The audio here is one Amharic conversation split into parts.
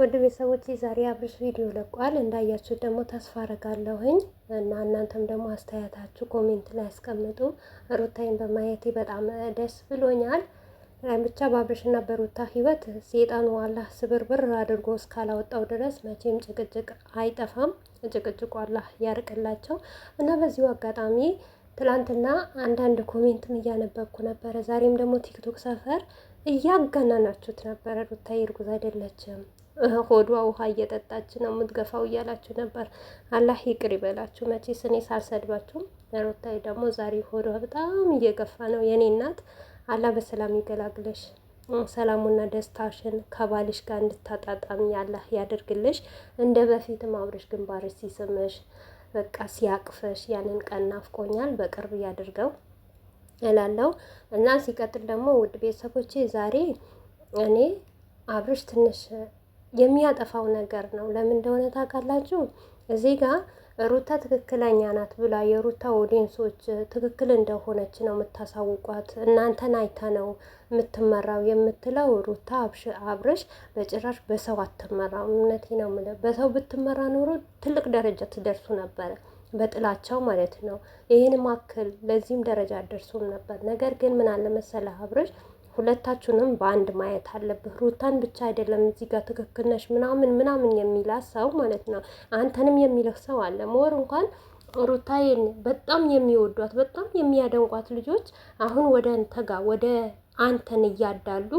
ወንድ ቤተሰቦች ዛሬ አብርሽ ቪዲዮ ለቋል። እንዳያችሁ ደግሞ ተስፋ አረጋለሁኝ እና እናንተም ደግሞ አስተያየታችሁ ኮሜንት ላይ አስቀምጡ ሩታይን በማየቴ በጣም ደስ ብሎኛል። ብቻ በአብርሽና በሩታ ህይወት ሴጣኑ አላህ ስብርብር አድርጎ እስካላወጣው ድረስ መቼም ጭቅጭቅ አይጠፋም። ጭቅጭቁ አላህ ያርቅላቸው እና በዚሁ አጋጣሚ ትላንትና አንዳንድ ኮሜንትም እያነበብኩ ነበረ። ዛሬም ደግሞ ቲክቶክ ሰፈር እያገናናችሁት ነበረ። ሩታ እርጉዝ አይደለችም ሆዷ ውሃ እየጠጣች ነው የምትገፋው እያላችሁ ነበር። አላህ ይቅር ይበላችሁ። መቼስ እኔ ሳልሰድባችሁም፣ ሩታዬ ደግሞ ዛሬ ሆዷ በጣም እየገፋ ነው። የኔ እናት አላህ በሰላም ይገላግለሽ። ሰላሙና ደስታሽን ከባልሽ ጋር እንድታጣጣሚ አላህ ያደርግልሽ። እንደ በፊትም አብረሽ ግንባር ሲስምሽ በቃ ሲያቅፈሽ ያንን ቀን ናፍቆኛል። በቅርብ ያድርገው እላለሁ እና ሲቀጥል ደግሞ ውድ ቤተሰቦቼ ዛሬ እኔ አብረሽ ትንሽ የሚያጠፋው ነገር ነው። ለምን እንደሆነ ታውቃላችሁ? እዚህ ጋር ሩታ ትክክለኛ ናት ብላ የሩታ ኦዲንሶች ትክክል እንደሆነች ነው የምታሳውቋት። እናንተን አይታ ነው የምትመራው የምትለው ሩታ አብርሽ በጭራሽ በሰው አትመራም። እውነቴ ነው የምለው በሰው ብትመራ ኖሮ ትልቅ ደረጃ ትደርሱ ነበረ፣ በጥላቸው ማለት ነው። ይህን ማክል ለዚህም ደረጃ አደርሶም ነበር። ነገር ግን ምን አለ መሰለህ አብርሽ ሁለታችሁንም በአንድ ማየት አለብህ። ሩታን ብቻ አይደለም እዚህ ጋር ትክክል ነሽ ምናምን ምናምን የሚላ ሰው ማለት ነው። አንተንም የሚልህ ሰው አለ። ሞር እንኳን ሩታዬን በጣም የሚወዷት በጣም የሚያደንቋት ልጆች አሁን ወደ አንተ ጋር ወደ አንተን እያዳሉ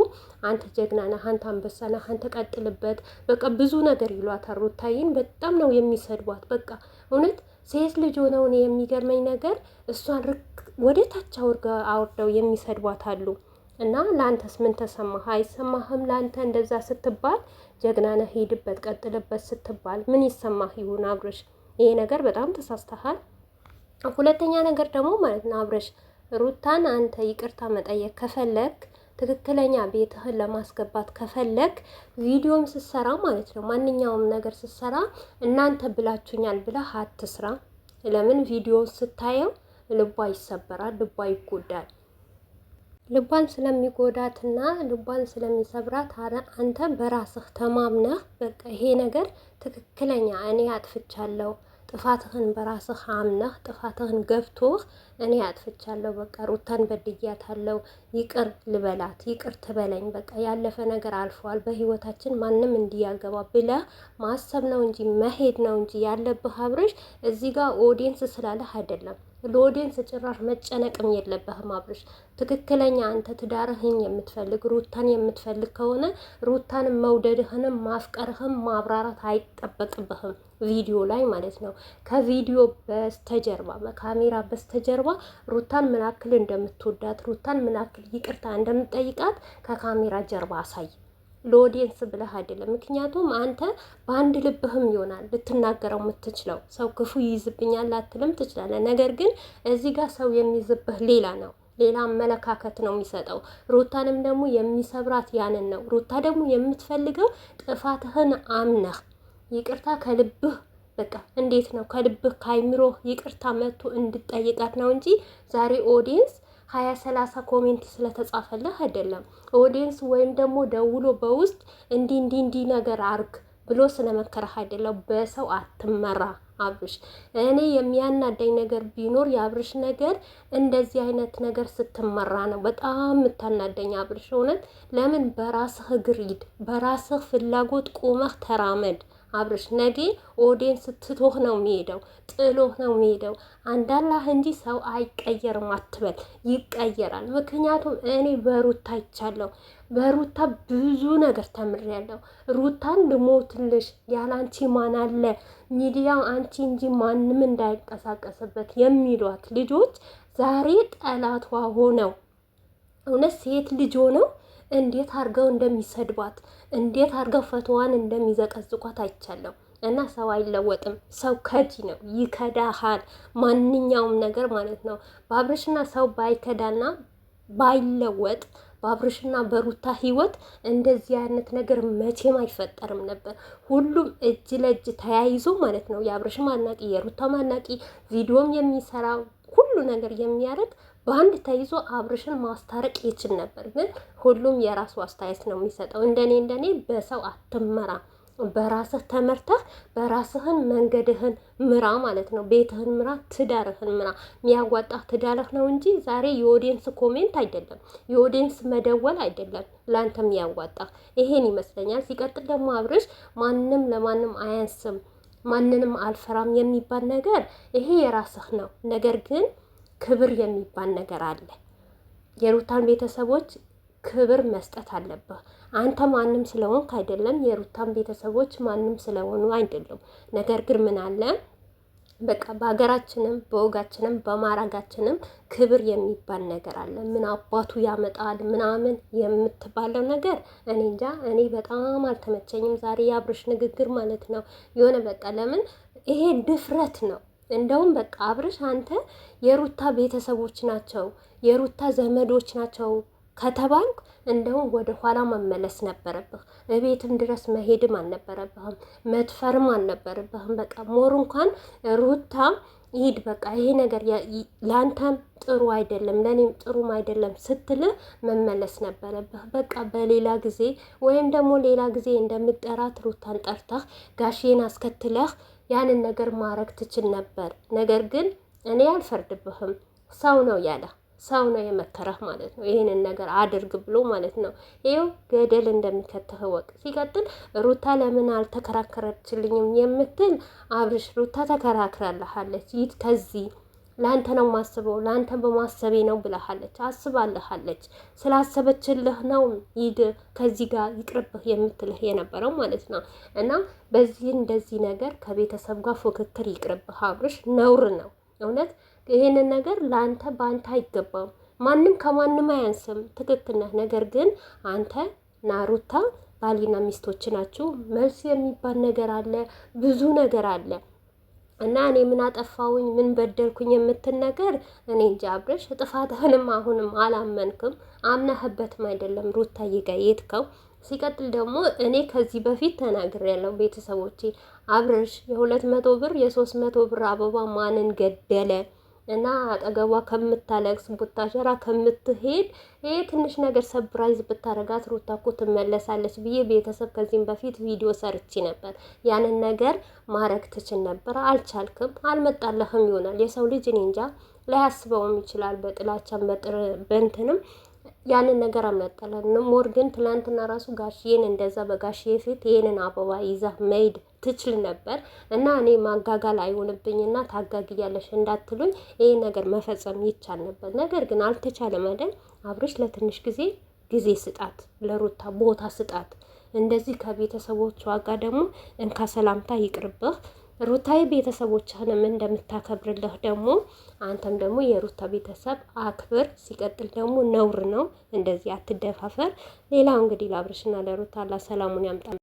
አንተ ጀግና ነህ፣ አንተ አንበሳ ነህ፣ አንተ ቀጥልበት፣ በቃ ብዙ ነገር ይሏታል። ሩታዬን በጣም ነው የሚሰድቧት። በቃ እውነት ሴት ልጅ ሆነው የሚገርመኝ ነገር እሷን ወደ ታች አውርደው የሚሰድቧት አሉ። እና ለአንተስ ምን ተሰማህ? አይሰማህም? ለአንተ እንደዛ ስትባል ጀግና ነህ፣ ሂድበት፣ ቀጥልበት ስትባል ምን ይሰማህ ይሁን አብረሽ? ይሄ ነገር በጣም ተሳስተሃል። ሁለተኛ ነገር ደግሞ ማለት ነው አብረሽ ሩታን አንተ ይቅርታ መጠየቅ ከፈለግ ትክክለኛ ቤትህን ለማስገባት ከፈለግ ቪዲዮም ስትሰራ ማለት ነው ማንኛውም ነገር ስትሰራ እናንተ ብላችሁኛል ብለህ አትስራ። ለምን ቪዲዮ ስታየው ልቧ ይሰበራል፣ ልቧ ይጎዳል። ልቧን ስለሚጎዳትና ልቧን ስለሚሰብራት አንተ በራስህ ተማምነህ በቃ ይሄ ነገር ትክክለኛ እኔ አጥፍቻለሁ፣ ጥፋትህን በራስህ አምነህ ጥፋትህን ገብቶህ እኔ አጥፍቻለሁ፣ በቃ ሩታን በድያታለሁ፣ ይቅር ልበላት፣ ይቅር ትበለኝ፣ በቃ ያለፈ ነገር አልፈዋል፣ በህይወታችን ማንም እንዲያገባ ብለህ ማሰብ ነው እንጂ መሄድ ነው እንጂ ያለብህ አብረሽ እዚህ ጋር ኦዲየንስ ስላለህ አይደለም። ለኦዲየንስ ጭራሽ መጨነቅም የለብህም አብርሽ። ትክክለኛ አንተ ትዳርህን የምትፈልግ ሩታን የምትፈልግ ከሆነ ሩታን መውደድህንም ማፍቀርህም ማብራራት አይጠበቅብህም ቪዲዮ ላይ ማለት ነው። ከቪዲዮ በስተጀርባ በካሜራ በስተጀርባ ሩታን ምን ያክል እንደምትወዳት ሩታን ምን ይቅርታ እንደምትጠይቃት ከካሜራ ጀርባ አሳይ። ለኦዲየንስ ብለህ አይደለም። ምክንያቱም አንተ በአንድ ልብህም ይሆናል ልትናገረው የምትችለው ሰው ክፉ ይይዝብኛል አትልም ትችላለህ። ነገር ግን እዚህ ጋር ሰው የሚይዝብህ ሌላ ነው ሌላ አመለካከት ነው የሚሰጠው። ሩታንም ደግሞ የሚሰብራት ያንን ነው። ሩታ ደግሞ የምትፈልገው ጥፋትህን አምነህ ይቅርታ ከልብህ በቃ እንዴት ነው ከልብህ ካይምሮህ ይቅርታ መጥቶ እንድጠይቃት ነው እንጂ ዛሬ ኦዲየንስ ሀያ ሰላሳ ኮሜንት ስለተጻፈልህ አይደለም። ኦዲየንስ ወይም ደግሞ ደውሎ በውስጥ እንዲ እንዲ እንዲ ነገር አርግ ብሎ ስለመከረህ አይደለም። በሰው አትመራ አብርሽ። እኔ የሚያናዳኝ ነገር ቢኖር የአብርሽ ነገር እንደዚህ አይነት ነገር ስትመራ ነው በጣም የምታናደኝ አብርሽ። እውነት ለምን በራስህ እግር ሂድ፣ በራስህ ፍላጎት ቁመህ ተራመድ። አብረሽ ነገ ኦዲየንስ ትቶህ ነው የሚሄደው፣ ጥሎህ ነው የሚሄደው። አንዳላህ እንጂ ሰው አይቀየርም አትበል፣ ይቀየራል። ምክንያቱም እኔ በሩታ ይቻለሁ፣ በሩታ ብዙ ነገር ተምሬያለሁ። ሩታን ልሞትልሽ፣ ያላንቺ ማን አለ? ሚዲያው አንቺ እንጂ ማንም እንዳይንቀሳቀስበት የሚሏት ልጆች ዛሬ ጠላቷ ሆነው እውነት ሴት ልጅ ሆነው እንዴት አድርገው እንደሚሰድባት እንዴት አድርገው ፈትዋን እንደሚዘቀዝቋት አይቻለሁ። እና ሰው አይለወጥም። ሰው ከጂ ነው፣ ይከዳሃል። ማንኛውም ነገር ማለት ነው። በአብርሽና ሰው ባይከዳና ባይለወጥ በአብርሽና በሩታ ህይወት እንደዚህ አይነት ነገር መቼም አይፈጠርም ነበር። ሁሉም እጅ ለእጅ ተያይዞ ማለት ነው። የአብርሽም አድናቂ የሩታ ማናቂ ቪዲዮም የሚሰራው ሁሉ ነገር የሚያደርግ በአንድ ተይዞ አብርሽን ማስታረቅ ይችል ነበር። ግን ሁሉም የራሱ አስተያየት ነው የሚሰጠው። እንደኔ እንደኔ በሰው አትመራ፣ በራስህ ተመርተህ በራስህን መንገድህን ምራ ማለት ነው። ቤትህን ምራ፣ ትዳርህን ምራ። የሚያዋጣ ትዳርህ ነው እንጂ ዛሬ የኦዲየንስ ኮሜንት አይደለም፣ የኦዲየንስ መደወል አይደለም ለአንተ የሚያዋጣ ይሄን ይመስለኛል። ሲቀጥል ደግሞ አብርሽ ማንም ለማንም አያንስም፣ ማንንም አልፈራም የሚባል ነገር ይሄ የራስህ ነው ነገር ግን ክብር የሚባል ነገር አለ። የሩታን ቤተሰቦች ክብር መስጠት አለብህ። አንተ ማንም ስለሆንክ አይደለም፣ የሩታን ቤተሰቦች ማንም ስለሆኑ አይደለም። ነገር ግን ምን አለ በቃ በሀገራችንም በወጋችንም በማራጋችንም ክብር የሚባል ነገር አለ። ምን አባቱ ያመጣል ምናምን የምትባለው ነገር እኔ እንጃ። እኔ በጣም አልተመቸኝም ዛሬ የአብርሽ ንግግር ማለት ነው። የሆነ በቃ ለምን ይሄ ድፍረት ነው እንደውም በቃ አብርሽ አንተ የሩታ ቤተሰቦች ናቸው፣ የሩታ ዘመዶች ናቸው ከተባልኩ እንደውም ወደ ኋላ መመለስ ነበረብህ። እቤትም ድረስ መሄድም አልነበረብህም፣ መድፈርም አልነበረብህም። በቃ ሞር እንኳን ሩታ ይሄድ በቃ ይሄ ነገር ለአንተም ጥሩ አይደለም፣ ለእኔም ጥሩም አይደለም ስትል መመለስ ነበረብህ። በቃ በሌላ ጊዜ ወይም ደግሞ ሌላ ጊዜ እንደምጠራት ሩታን ጠርተህ ጋሼን አስከትለህ ያንን ነገር ማድረግ ትችል ነበር። ነገር ግን እኔ አልፈርድብህም፣ ሰው ነው ያለ ሰው ነው የመከረህ ማለት ነው። ይህንን ነገር አድርግ ብሎ ማለት ነው። ይኸው ገደል እንደሚከተህ ወቅ ሲቀጥል ሩታ ለምን አልተከራከረችልኝም የምትል አብርሽ ሩታ ተከራክራልሃለች ይት ከዚህ ለአንተ ነው ማስበው ለአንተ በማሰቤ ነው ብለሃለች። አስባልሃለች ስላሰበችልህ ነው ይድ ከዚህ ጋር ይቅርብህ የምትልህ የነበረው ማለት ነው። እና በዚህ እንደዚህ ነገር ከቤተሰብ ጋር ፉክክር ይቅርብህ አብርሽ፣ ነውር ነው እውነት። ይሄንን ነገር ለአንተ በአንተ አይገባም። ማንም ከማንም አያንስም። ትክክል ነህ። ነገር ግን አንተ ናሩታ ባሊና ሚስቶች ናችሁ። መልስ የሚባል ነገር አለ፣ ብዙ ነገር አለ። እና እኔ ምን አጠፋውኝ ምን በደልኩኝ የምትል ነገር እኔ እንጂ አብረሽ ጥፋትህንም አሁንም አላመንክም። አምናህበትም አይደለም ሩታ የትከው ሲቀጥል ደግሞ እኔ ከዚህ በፊት ያለው ቤተሰቦቼ፣ አብረሽ የሁለት መቶ ብር የሶስት መቶ ብር አበባ ማንን ገደለ እና አጠገቧ ከምታለቅስ ቡታጀራ ከምትሄድ ይሄ ትንሽ ነገር ሰብራይዝ ብታረጋት ሩታ እኮ ትመለሳለች ብዬ ቤተሰብ ከዚህም በፊት ቪዲዮ ሰርቼ ነበር። ያንን ነገር ማረግ ትችል ነበር፣ አልቻልክም፣ አልመጣለህም ይሆናል። የሰው ልጅ እኔ እንጃ ላያስበውም ይችላል በጥላቻም በእንትንም ያንን ነገር አመጣለን። ሞር ግን ትላንትና ራሱ ጋሽዬን እንደዛ በጋሽዬ ፊት ይሄንን አበባ ይዛ መሄድ ትችል ነበር እና እኔ ማጋጋል አይሆንብኝና ታጋግያለሽ እንዳትሉኝ ይሄ ነገር መፈጸም ይቻል ነበር። ነገር ግን አልተቻለም አይደል? አብርሽ ለትንሽ ጊዜ ጊዜ ስጣት፣ ለሩታ ቦታ ስጣት። እንደዚህ ከቤተሰቦቿ ጋር ደግሞ እንካ ሰላምታ ይቅርብህ ሩታዬ ቤተሰቦችህንም እንደምታከብርልህ ደግሞ አንተም ደግሞ የሩታ ቤተሰብ አክብር። ሲቀጥል ደግሞ ነውር ነው፣ እንደዚህ አትደፋፈር። ሌላው እንግዲህ ለአብርሽና ለሩታ ላ ሰላሙን ያምጣ።